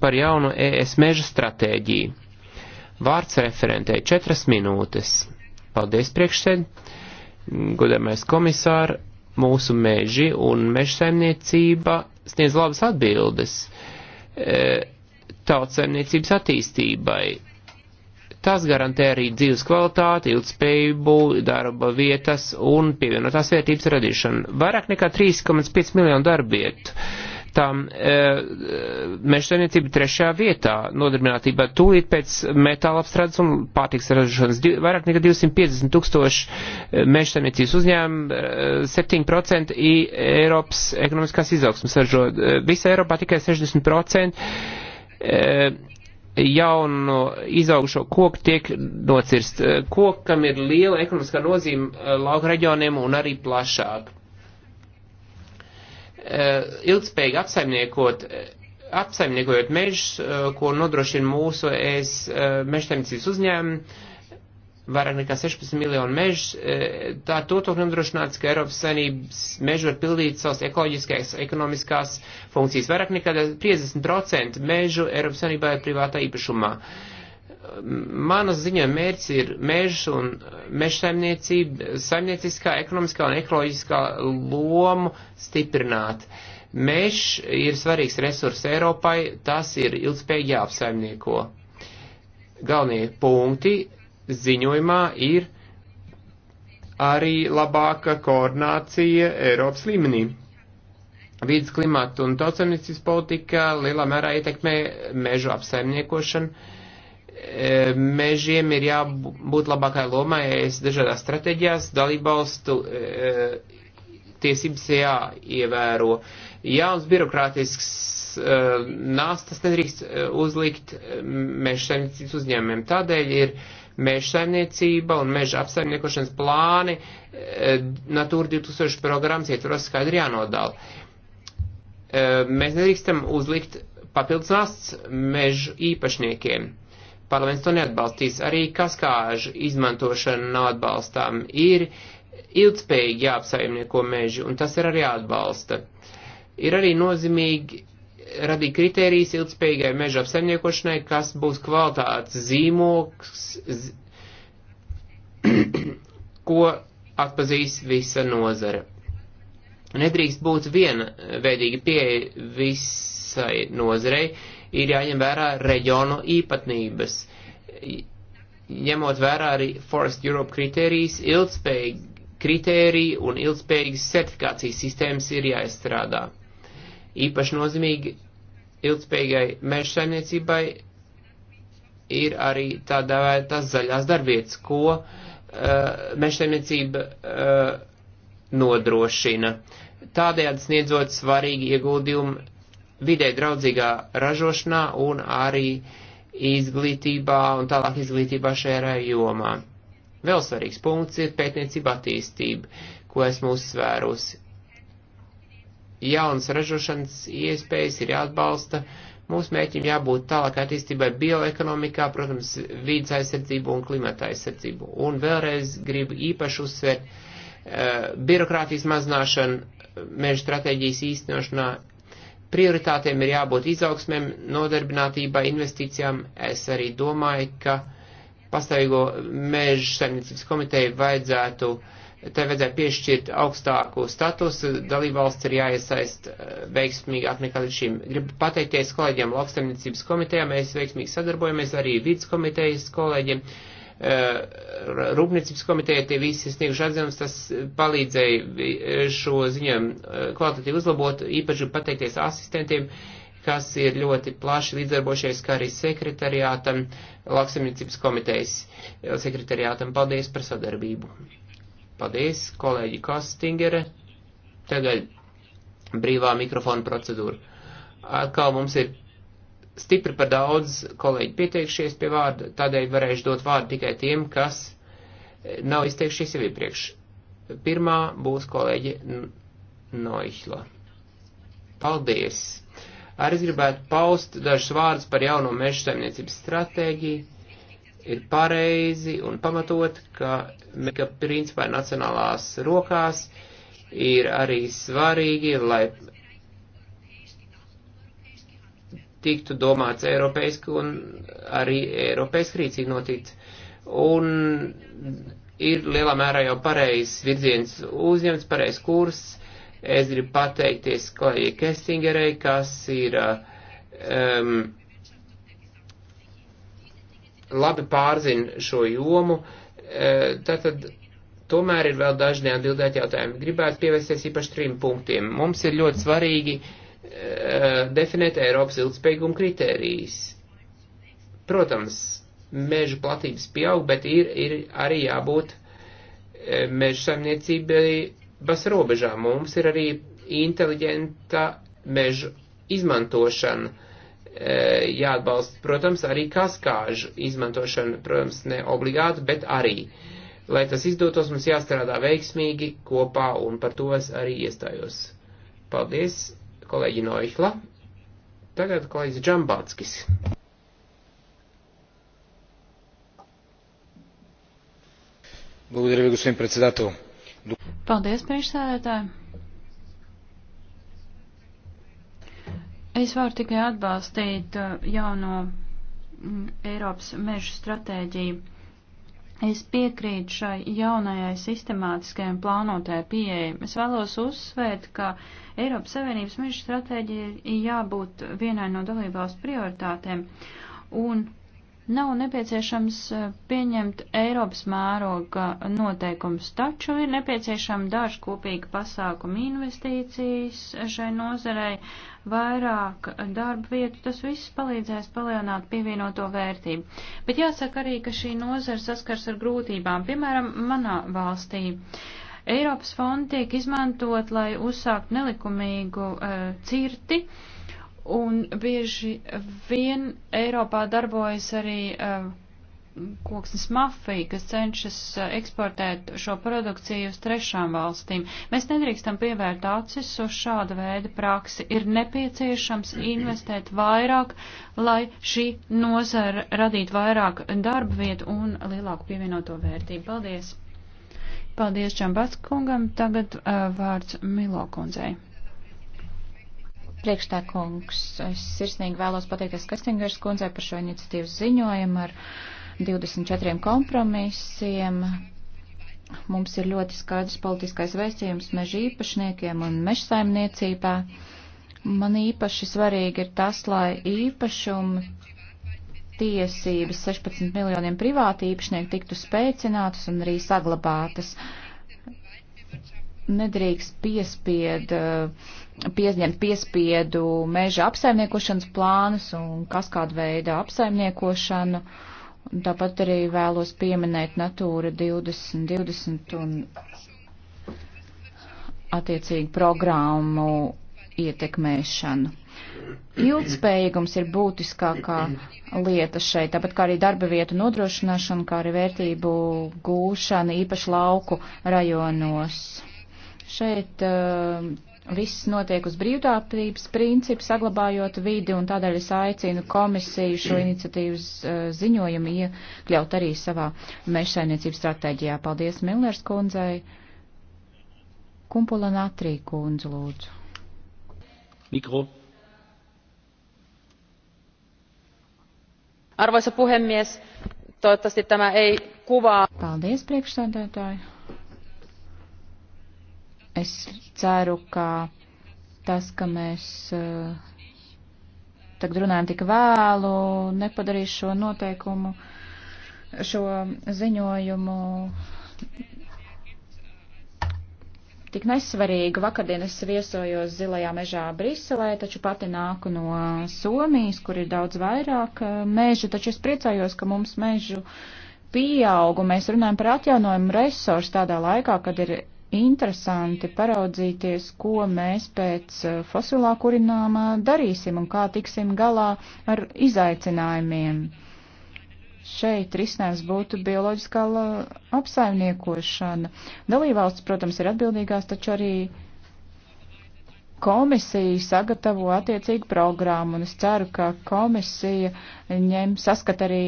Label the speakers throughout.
Speaker 1: par jaunu ES meža stratēģiju. Vārds referentei četras minūtes. Paldies priekšsēd, godamais komisār, mūsu meži un meža saimniecība sniedz labas atbildes e, tautsaimniecības attīstībai. Tas garantē arī dzīves kvalitāti, ilgspējību, darba vietas un pievienotās vērtības radīšanu. Vairāk nekā 3,5 miljonu darbietu tām e, mežsainiecība trešajā vietā nodarbinātībā, tūlīt pēc metāla apstrādes un pārtiks ražošanas. Vairāk nekā 250 tūkstoši e, mežsainiecības uzņēmumu, 7% e, Eiropas ekonomiskās izaugsmas ražo. E, visā Eiropā tikai 60% e, jaunu izaugušo koku tiek nocirst. Kokam ir liela ekonomiskā nozīme lauka reģioniem un arī plašāk. Eh, ilgspējīgi apsaimniekot, apsaimniekojot mežus, eh, ko nodrošina mūsu es eh, mežtēmniecības uzņēmumi, vairāk nekā 16 miljonu mežus, tā to tiek nodrošināts, ka Eiropas saimnības meži var pildīt savas ekoloģiskās, ekonomiskās funkcijas. Vairāk nekā 50% mežu Eiropas saimnībā ir privātā īpašumā. Uh, manas ziņā mērķis ir mežs un mežsaimniecība, saimnieciskā, ekonomiskā un ekoloģiskā lomu stiprināt. Mežs ir svarīgs resurs Eiropai, tas ir ilgspējīgi jāapsaimnieko. Galvenie punkti ziņojumā ir arī labāka koordinācija Eiropas līmenī. Vīdas klimata un tautsamniecības politika lielā mērā ietekmē mežu apsaimniekošanu E, mežiem ir jābūt labākai lomai es dažādās stratēģijās, dalībvalstu e, tiesības jāievēro. Jauns birokrātisks e, nāstas nedrīkst uzlikt meža saimniecības uzņēmumiem. Tādēļ ir meža saimniecība un meža apsaimniekošanas plāni Natūra 2000 programmas ietvaros skaidri jānodala. Mēs nedrīkstam uzlikt papildus nāsts mežu īpašniekiem parlaments to neatbalstīs. Arī kaskāžu izmantošana nav atbalstām. Ir ilgspējīgi jāapsaimnieko meži, un tas ir arī atbalsta. Ir arī nozīmīgi radīt kritērijas ilgspējīgai meža apsaimniekošanai, kas būs kvalitātes zīmoks, z... ko atpazīs visa nozara. Nedrīkst būt viena veidīga pieeja visai nozarei, ir jāņem vērā reģionu īpatnības. Ņemot vērā arī Forest Europe kritērijas, ilgspējīgi kritēriji un ilgspējīgas certifikācijas sistēmas ir jāizstrādā. Īpaši nozīmīgi ilgspējīgai meža saimniecībai ir arī tā dēvētas zaļās darbvietas, ko uh, meža saimniecība uh, nodrošina. Tādējādi sniedzot svarīgi ieguldījumu vidē draudzīgā ražošanā un arī izglītībā un tālāk izglītībā šajā jomā. Vēl svarīgs punkts ir pētniecība attīstība, ko esmu uzsvērusi. Jaunas ražošanas iespējas ir jāatbalsta, mūsu mēķim jābūt tālāk attīstībai bioekonomikā, protams, vīdas aizsardzību un klimata aizsardzību. Un vēlreiz gribu īpaši uzsvērt uh, birokrātijas mazināšanu eh, meža stratēģijas īstenošanā, prioritātiem ir jābūt izaugsmēm, nodarbinātībai, investīcijām. Es arī domāju, ka pastāvīgo mēžu saimniecības komiteju vajadzētu, tai vajadzētu piešķirt augstāku statusu, dalībvalsts ir jāiesaist eh, veiksmīgāk nekā līdz šim. Gribu pateikties kolēģiem lauksaimniecības komitejā, mēs veiksmīgi sadarbojamies arī vidas komitejas kolēģiem. Uh, Eh, Rūpniecības komiteja tie visi snieguši atzinums, tas eh, palīdzēja eh, šo ziņojumu kvalitatīvi uzlabot, īpaši pateikties asistentiem, kas ir ļoti plaši līdzdarbošies, kā arī sekretariātam, lauksamniecības komitejas sekretariātam. Paldies par sadarbību. Paldies, kolēģi Kostingere. Tagad brīvā mikrofona procedūra. Atkal mums ir stipri par daudz kolēģi pieteikšies pie vārda, tādēļ varēšu dot vārdu tikai tiem, kas e, nav izteikšies jau iepriekš. Pirmā būs kolēģi Noihla. Paldies! Arī gribētu paust dažus vārdus par jauno meža saimniecības stratēģiju. Ir pareizi un pamatot, ka mega principā nacionālās rokās ir arī svarīgi, lai tiktu domāts eiropeiski un arī eiropeiski rīcība notikt. Un ir lielā mērā jau pareizs virziens uzņemts, pareizs kurs. Es gribu pateikties kolēģi Kestingerei, kas ir um, labi pārzina šo jomu. Uh, tātad tomēr ir vēl daži neatbildēti jautājumi. Gribētu pievērsties īpaši trim punktiem. Mums ir ļoti svarīgi uh, Eh, definēt Eiropas ilgspējīguma kritērijas. Protams, meža platības pieaug, bet ir, ir arī jābūt eh, meža saimniecībai bas robežā. Mums ir arī inteliģenta meža izmantošana eh, jāatbalsta, protams, arī kaskāžu izmantošana, protams, ne obligāti, bet arī. Lai tas izdotos, mums jāstrādā veiksmīgi kopā, un par to es arī iestājos. Paldies! kolēģi Noihla. Tagad kolēģis Džambatskis. Благодаря ви, господин председател.
Speaker 2: Paldies, priekšsēdētāji. Es varu tikai atbalstīt uh, jauno mm, Eiropas mežu stratēģiju. Es piekrītu šai jaunajai sistemātiskajai un plānotajai pieejai. Es vēlos uzsvērt, ka Eiropas Savienības meža stratēģija ir jābūt vienai no dalībvalstu prioritātēm. Un Nav nepieciešams eh, pieņemt Eiropas mēroga noteikums, taču ir nepieciešama daži kopīgi pasākumi investīcijas šai nozarei, vairāk darba vietu, tas viss palīdzēs palielināt pievienoto vērtību. Bet jāsaka arī, ka šī nozara saskars ar grūtībām, piemēram, manā valstī. Eiropas fondi tiek izmantot, lai uzsākt nelikumīgu uh, cirti. Uh, Un bieži vien Eiropā darbojas arī uh, koksnes mafija, kas cenšas eh, eksportēt šo produkciju uz trešām valstīm. Mēs nedrīkstam pievērt acis uz šāda veida praksi. Ir nepieciešams investēt vairāk, lai šī nozara radītu vairāk darba vietu un lielāku pievienoto vērtību. Paldies! Paldies Čambatskungam. Tagad uh, vārds Milo
Speaker 3: kundzei. Priekšstā kungs, es sirsnīgi vēlos pateikties Kastingers kundzei par šo iniciatīvas ziņojumu ar 24 kompromisiem, mums ir ļoti skaidrs politiskais vēstījums meža īpašniekiem un meža saimniecībā. Man īpaši svarīgi ir tas, lai īpašuma tiesības 16 miljoniem privāti īpašnieku tiktu spēcinātas un arī saglabātas. Uh, nedrīkst piespied, eh, piesņemt piespiedu meža apsaimniekošanas plānus un kas kādu veidu apsaimniekošanu. Tāpat arī vēlos pieminēt Natūra 2020 20 un attiecīgi programmu ietekmēšanu. Ilgspējīgums ir būtiskākā lieta šeit, tāpat kā arī darba vietu nodrošināšana, kā arī vērtību gūšana īpaši lauku rajonos. Šeit uh, viss notiek uz brīvdāprības principu, saglabājot vidi, un tādēļ es aicinu komisiju šo iniciatīvas uh, ziņojumu iekļaut arī savā mežsainiecības stratēģijā. Paldies Millers kundzei. Kumpula Natrī kundze
Speaker 1: lūdzu. Mikro.
Speaker 2: Arvoisa puhemies, toivottavasti tämä ei kuvaa.
Speaker 1: Paldies
Speaker 3: priekšsēdētāji. Es ceru, ka tas, ka mēs eh, tagad runājam tik vēlu, nepadarīs šo noteikumu, šo ziņojumu tik nesvarīgu. Vakardien es viesojos Zilajā mežā Briselē, taču pati nāku no Somijas, kur ir daudz vairāk eh, mežu, taču es priecājos, ka mums mežu pieaugu. Mēs runājam par atjaunojumu resursu tādā laikā, kad ir interesanti paraudzīties, ko mēs pēc eh, fosilā kurināmā darīsim un kā tiksim galā ar izaicinājumiem. Šeit risinājums būtu bioloģiskā apsaimniekošana. Dalībvalsts, protams, ir atbildīgās, taču arī komisija sagatavo attiecīgu programmu, un es ceru, ka komisija ņem saskat arī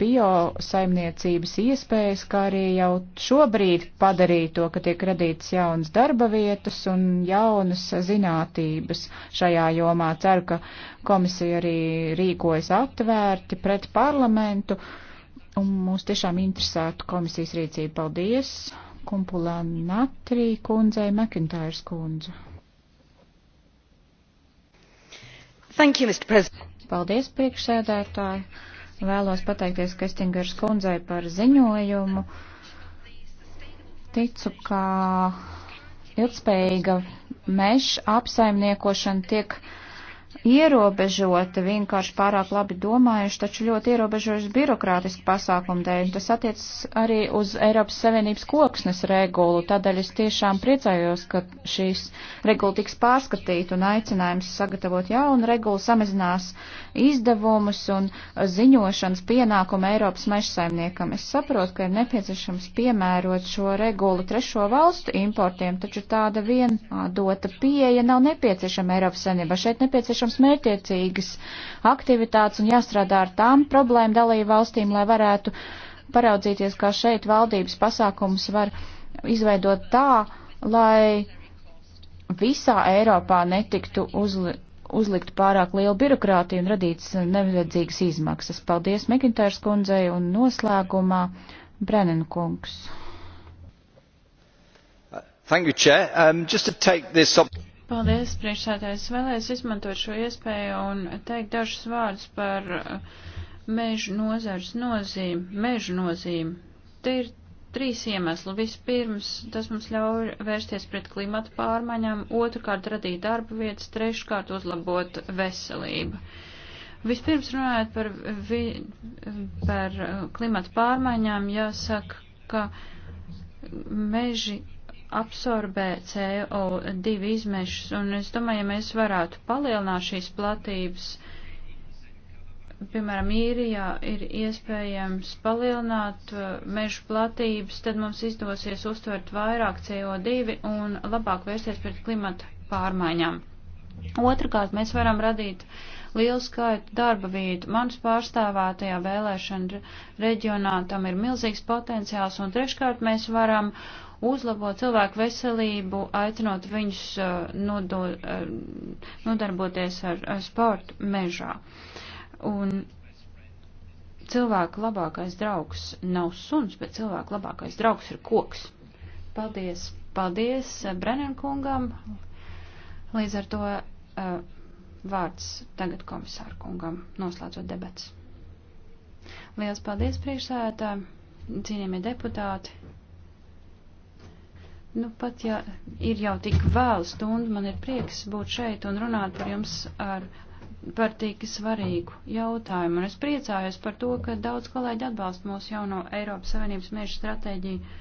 Speaker 3: biosaimniecības iespējas, kā arī jau šobrīd padarīto, ka tiek radīts jaunas darba vietas un jaunas zinātības šajā jomā. Ceru, ka komisija arī rīkojas atvērti pret parlamentu, un mūs tiešām interesētu komisijas rīcība. Paldies! Kumpulā Natrī kundzei Mekintājas kundze. Thank you, Mr. President. Paldies, priekšsēdētāji. Vēlos pateikties Kestingers kundzei par ziņojumu. Ticu, ka ilgspējīga meža apsaimniekošana tiek ierobežota, vienkārši pārāk labi domājuši, taču ļoti ierobežojuši birokrātisku pasākumu dēļ. Tas attiecas arī uz Eiropas Savienības koksnes regulu, tādēļ es tiešām priecājos, ka šīs regula tiks pārskatīta un aicinājums sagatavot jaunu regulu samazinās izdevumus un ziņošanas pienākumu Eiropas mežsaimniekam. Es saprotu, ka ir nepieciešams piemērot šo regulu trešo valstu importiem, taču tāda vienādota pieeja nav nepieciešama Eiropas Savienībā. Šeit nepieciešams jāveic mērķiecīgas aktivitātes un jāstrādā ar tām problēmu dalību valstīm, lai varētu paraudzīties, kā šeit valdības pasākums var izveidot tā, lai visā Eiropā netiktu uzli, uzlikt pārāk lielu birokrātiju un radīts nevajadzīgas izmaksas. Paldies Mekintārs kundzei un noslēgumā Brennan kungs. Thank you, Chair. Um, just to take this up.
Speaker 2: Paldies, priekšsētājs. Vēlēs izmantot šo iespēju un teikt dažus vārdus par uh, mežu nozars nozīmi, mežu nozīmi. Te ir trīs iemesli. Vispirms, tas mums ļauj vērsties pret klimatu pārmaiņām, otrkārt radīt darba vietas, treškārt uzlabot veselību. Vispirms runājot par, vi, par uh, klimatu pārmaiņām, jāsaka, ka meži absorbē CO2 izmešus, un es domāju, ja mēs varētu palielināt šīs platības, piemēram, īrijā ir iespējams palielināt uh, mežu platības, tad mums izdosies uztvert vairāk CO2 un labāk vērsties pret klimata pārmaiņām. Otrakārt, mēs varam radīt lielu skaitu darba vietu. Manas pārstāvētajā vēlēšana reģionā tam ir milzīgs potenciāls, un treškārt mēs varam uzlabo cilvēku veselību, aicinot viņus uh, nodo, uh, nodarboties ar sportu mežā. Un cilvēku labākais draugs nav suns, bet cilvēku labākais draugs ir koks. Paldies, paldies uh, Brennenkungam. Līdz ar to uh, vārds tagad komisāru kungam, noslēdzot debats. Liels paldies priekšsēdētājiem, cienījamie deputāti. Nu, pat ja ir jau tik vēl stundu, man ir prieks būt šeit un runāt par jums ar, par tik svarīgu jautājumu. Un es priecājos par to, ka daudz kolēģi atbalsta mūsu jauno Eiropas Savienības mērķu stratēģiju.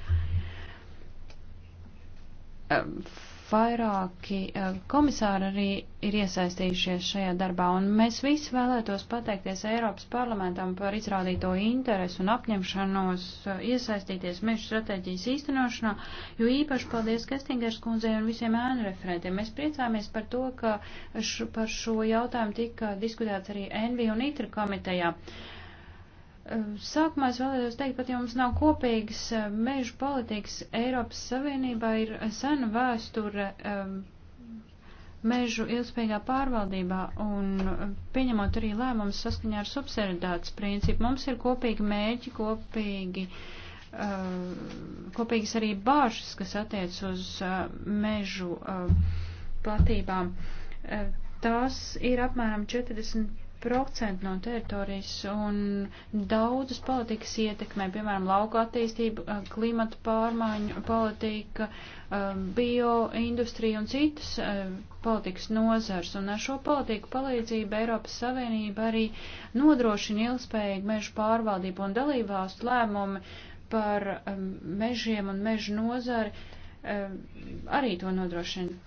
Speaker 2: Uh, vairāki eh, komisāri arī ir iesaistījušies šajā darbā, un mēs visi vēlētos pateikties Eiropas parlamentam par izrādīto interesi un apņemšanos eh, iesaistīties mežu stratēģijas īstenošanā, jo īpaši paldies Kestingers kundzei un visiem ēnu referentiem. Mēs priecāmies par to, ka š, par šo jautājumu tika diskutēts arī NV un ITRA komitejā. Uh, Sākumā es vēlējos teikt, pat ja mums nav kopīgas eh, mežu politikas, Eiropas Savienībā ir sena vēsture ehm, mežu ilgspējīgā pārvaldībā un eh, pieņemot arī lēmumus saskaņā ar subsidiāts principu. Mums ir kopīgi mēģi, kopīgi, eh, kopīgas arī bāžas, kas attiec uz mežu platībām. Tās ir apmēram 40 10% no teritorijas un daudzas politikas ietekmē, piemēram, lauka attīstība, eh, klimata pārmaiņu politika, eh, bioindustrija un citas eh, politikas nozars. Un ar šo politiku palīdzību Eiropas Savienība arī nodrošina ilgspējīgu mežu pārvaldību un dalībvalstu lēmumi par mežiem un mežu nozari arī to nodrošina.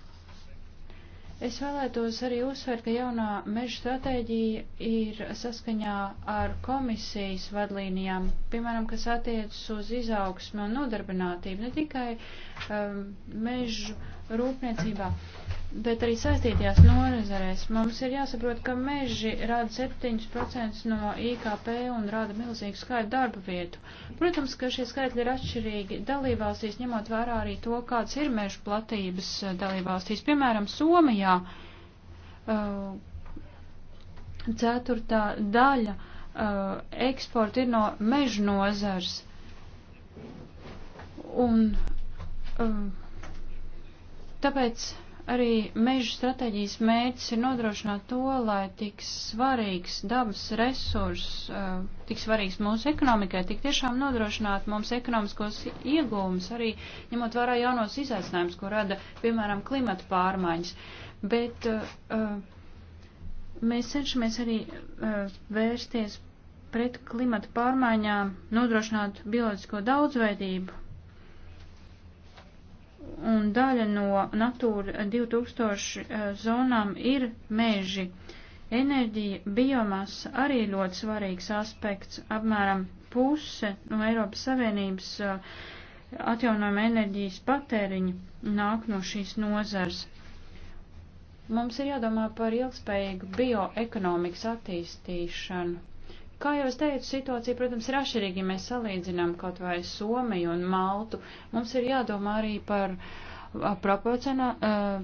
Speaker 2: Es vēlētos arī uzsvērt, ka jaunā meža stratēģija ir saskaņā ar komisijas vadlīnijām, piemēram, kas attiecas uz izaugsmu un nodarbinātību, ne tikai um, mežu rūpniecībā, bet arī saistītajās norizarēs. Mums ir jāsaprot, ka meži rada 7% no IKP un rada milzīgu skaitu darba vietu. Protams, ka šie skaitļi ir atšķirīgi dalībvalstīs, ņemot vērā arī to, kāds ir mežu platības eh, dalībvalstīs. Piemēram, Somijā uh, ceturtā daļa uh, eksporta ir no meža nozars. Un uh, Tāpēc arī meža stratēģijas mērķis ir nodrošināt to, lai tik svarīgs dabas resurs, eh, tik svarīgs mūsu ekonomikai, tik tiešām nodrošināt mums ekonomiskos iegūmus, arī ņemot vērā jaunos izaicinājumus, ko rada, piemēram, klimata pārmaiņas. Bet uh, mēs cenšamies arī uh, vērsties pret klimata pārmaiņām, nodrošināt bioloģisko daudzveidību un daļa no Natūra 2000 eh, zonām ir meži. Enerģija, biomasa arī ļoti svarīgs aspekts. Apmēram puse no Eiropas Savienības eh, atjaunojuma enerģijas patēriņa nāk no šīs nozars. Mums ir jādomā par ilgspējīgu bioekonomikas attīstīšanu. Kā jau es teicu, situācija, protams, ir atšķirīga, ja mēs salīdzinām kaut vai Somiju un Maltu. Mums ir jādomā arī par proporcionā,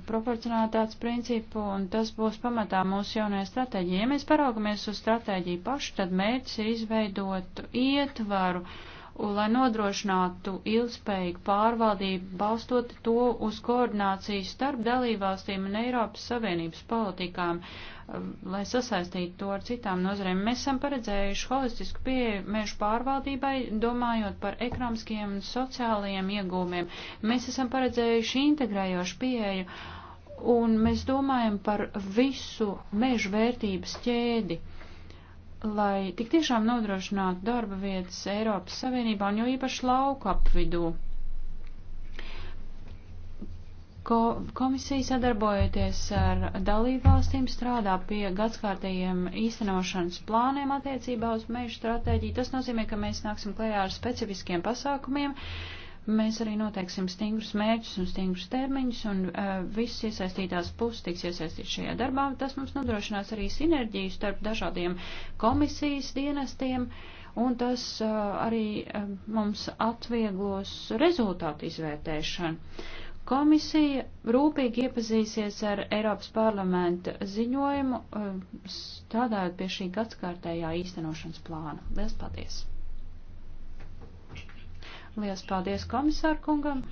Speaker 2: proporcionātāts principu, un tas būs pamatā mūsu jaunajā stratēģijā. Ja mēs paraugamies uz stratēģiju pašu, tad mērķis ir izveidot ietvaru, lai nodrošinātu ilgspējīgu pārvaldību, balstot to uz koordināciju starp dalībvalstīm un Eiropas Savienības politikām. Uh, lai sasaistītu to ar citām nozarēm. Mēs esam paredzējuši holistisku pieeju mežu pārvaldībai, domājot par ekonomiskiem un sociālajiem iegūmiem. Mēs esam paredzējuši integrējošu pieeju, un mēs domājam par visu mežu vērtības ķēdi lai tik tiešām nodrošinātu darba vietas Eiropas Savienībā un jo īpaši lauku apvidū. Ko, komisija sadarbojoties ar dalībvalstīm strādā pie gadskārtējiem īstenošanas plāniem attiecībā uz mežu stratēģiju. Tas nozīmē, ka mēs nāksim klējā ar specifiskiem pasākumiem. Mēs arī noteiksim stingrus mērķus un stingrus termiņus, un uh, visas iesaistītās puses tiks iesaistīts šajā darbā. Tas mums nodrošinās arī sinerģiju starp dažādiem komisijas dienestiem, un tas uh, arī uh, mums atvieglos rezultātu izvērtēšanu. Komisija rūpīgi iepazīsies ar Eiropas parlamenta ziņojumu, um, strādājot pie šī gadskārtējā īstenošanas plāna. Lielas paldies! Lielas paldies komisārkungam!